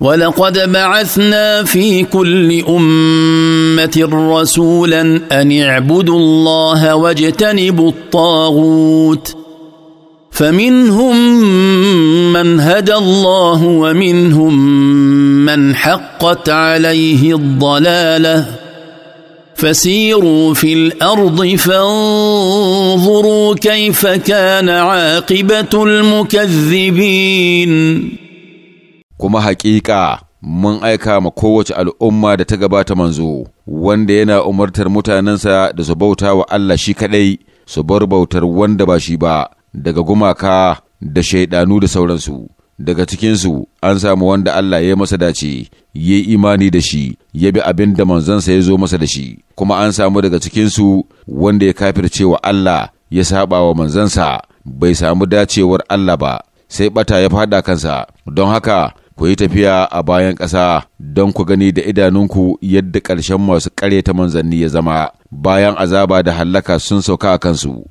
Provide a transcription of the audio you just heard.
ولقد بعثنا في كل امه رسولا ان اعبدوا الله واجتنبوا الطاغوت فمنهم من هدى الله ومنهم من حقت عليه الضلاله فسيروا في الارض فانظروا كيف كان عاقبه المكذبين kuma haƙiƙa mun aika ma kowace al'umma da ta gabata manzo, wanda yana umartar mutanensa da su bauta wa Allah shi kaɗai, su bar bautar wanda ba shi ba, daga gumaka da shaidanu da sauransu. Daga cikinsu an samu wanda Allah ya masa dace, ya yi imani da shi, ya bi abin da manzansa ya zo masa da shi, kuma an samu daga cikinsu wanda ya kafirce wa Allah ya saba wa manzansa bai samu dacewar Allah ba, sai bata ya fada kansa, don haka ku yi tafiya a bayan ƙasa don ku gani da idanunku yadda ƙarshen masu ta manzanni ya zama bayan azaba da hallaka sun sauka a kansu.